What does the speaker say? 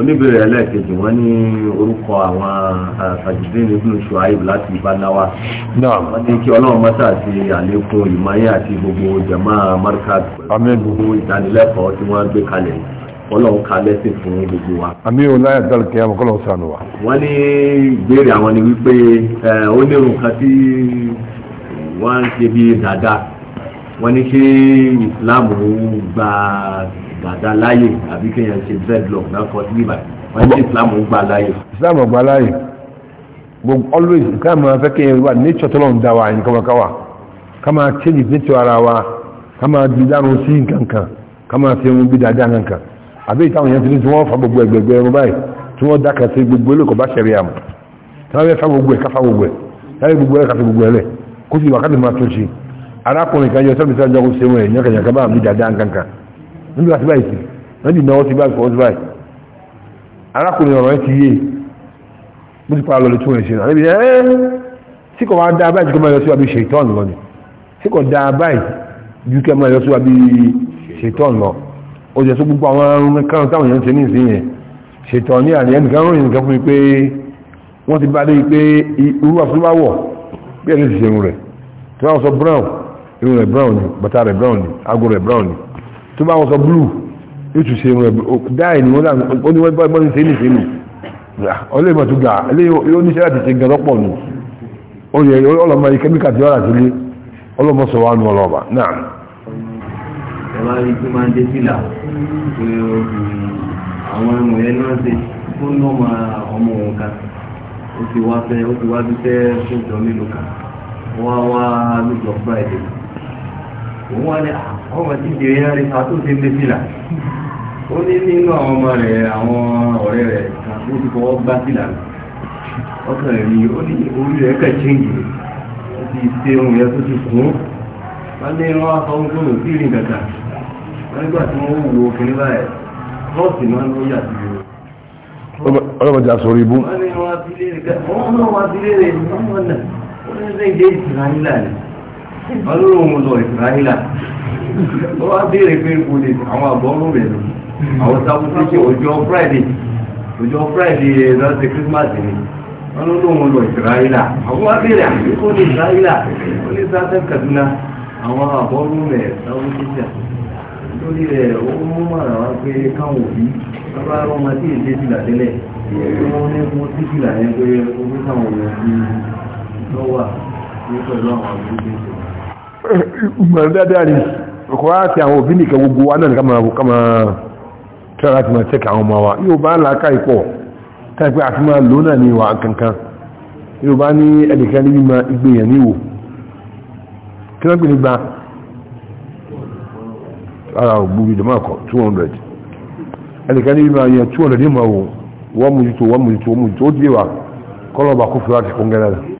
oníbèrè ẹlẹ́ẹ̀kejì wọ́n ní orúkọ àwọn tajudeen ibn shuaib láti ìbánáwá wọ́n ní kí ọlọ́run mọ́tà àti àlékún ìmọ̀ye àti gbogbo jama markaz gbogbo ìdánilẹ́kọ̀ọ́ tí wọ́n gbé kalẹ̀ ọlọ́run ka lẹ́sìn fún gbogbo wa. àmì ọláyà dàlù kí àwọn kọlọ̀ sànù wa. wọ́n ní ìbéèrè àwọn ni wípé ó ní nǹkan tí wọ́n ń ṣe bí dáadáa wọ́n ní ṣé Islam gba dàda láyè àbí kéèyàn ṣe dreadlock náà kọ sí ìbàdàn wọ́n ní ṣé Islam gba láyè. Islam gba láyè gbogbo always nǹkan máa fẹ́ kéèyàn wà nature tó lọ́n da wa àyìn kọ́mọkáwà ká máa change nature ara wa ká máa di dáhùn sí nǹkan kan ká máa fi ohun bí dáadáa nǹkan àbí ìtàwọn èèyàn ti ní tí wọ́n fa gbogbo ẹgbẹ̀gbẹ̀ ẹ̀rọ báyìí tí wọ́n dákà sí gbogbo ilé kò bá ṣẹ̀rí àmọ́ tí wọ́n fẹ́ fa gbogbo ẹ̀ ká fa gbogbo ẹ̀ láyé gbogbo ẹ̀ ká fi gbogbo ẹ̀ lẹ̀ kó sì wà ká lè máa tún ṣe arákùnrin kan yọ sọ́bí sọ́bí ọkùn ṣe wọ́n èèyàn kẹ̀yàn kábàá mi dáadáa nǹkankan níbi láti báyìí sí wọ́n ti náwó sí báyìí fọwọ́ sí báyìí arákùnrin ọ̀rọ̀ ti yé bó ti pa lọ lè tún ẹ̀ ṣe náà níbi ẹ́ tí kò máa dáa báyìí kò máa yọ sí wa bí ṣètọ́n lọ ni tí kò dáa báyìí ju kẹ́ máa yọ sí wa bí ṣètọ́n lọ ó jẹ́ sọ gbogbo àwọn arúgbó kan táwọn èèyàn ń ṣe ní ìsìn yẹn ṣètọ́n ní àná ẹnìkan ròyìn nǹkan fún mi pé wọ́n ti bá irun rẹ̀ brown ni bàtà rẹ̀ brown ni ago rẹ̀ brown ni tó bá wọ́n sọ blue yóò tún ṣe irun rẹ̀ dáì ni wọ́n dà ó ní wọ́n bá ẹgbọ́n ní sẹ́yìn sẹ́yìn ọlẹ́ ìmọ̀ tó ga yóò níṣẹ́ láti ṣe gan lọ́pọ̀ nù ó yẹ ọlọ́mọ yìí kẹ́míkà tí wọ́n rà sílé ọlọ́mọ sọ wà nù ọlọ́ọ̀bà náà. ẹ bá rí kí máa ń dé sílà pé àwọn ọmọ yẹn náà ṣe fún ọmọ ọmọ òun kan ó ti wá fẹ́ ó ti wá bí fẹ́ fún ìjọ mélòó kan wọ́n wá lójọ friday òun wá ní àwọn ah, ọmọ tí ìdíyẹ yẹn rí ká tó ṣe ń lé sílà ó ní nínú àwọn ọmọ rẹ̀ àwọn ọ̀rẹ́ rẹ̀ kan ó ti fọwọ́ gbá sílà ọkàn rẹ̀ ni ó ní orí rẹ̀ kẹ̀ ṣéǹgì ó ti ṣe ohun yẹn tó ti kún wọ́n ní wọ́n á sọ ohun tó lò sí ìrìn kankan wọ́n nígbà tí wọ́n wò ó kiri báyìí máa ń lóyà sí i ọlọ́run mo lọ ìsìnláyìnlá ó wá béèrè pé kò lè àwọn àbọ̀rù rẹ̀ lọ àwọn sábúté ṣe ọjọ́ friday ọjọ́ friday eh, lọ́sẹ̀ christmas ni wọ́n ló lóun lọ ìsìnláyìnlá àwọn wá béèrè àbíkó ní ìsìnláyìnlá ó ní sáfẹ́ kaduna àwọn àbọ̀rù rẹ̀ sábúté ṣe lórí rẹ̀ ó mú màrà wá pé káwọn òbí bàbá ọmọ tí èdè fìlà tẹ́lẹ̀ wọ́n ní kó tí fìlà yẹn pé ó gbé káwọn òbí lọ́wọ́ àti pẹ̀lú àwọn àbúrò ìmọ̀ràn dáadáa ni ọkọ̀ láti àwọn òbí nìkan gbogbo wa náà kama kama tẹ́lá láti máa tẹ́kà àwọn ọmọ wa yóò bá làákà ìpọ̀ táìpé àti máa lò náà ní ìwà kankan yóò bá ní ẹnìkan ní mímọ ìgbéyàn níwò kí wọ́n gbé nígbà ara ògbúgbì jọmọ́ àkọ́ 200 ẹnìkan ní mímọ yẹn 200 ní mọ̀ wọ́n mú jùtò wọ́n mú jùtò wọ́n mú jùtò ó dìé wa kọ́lọ̀ bá kó fúlá ti kún gẹ́rẹ́ rẹ̀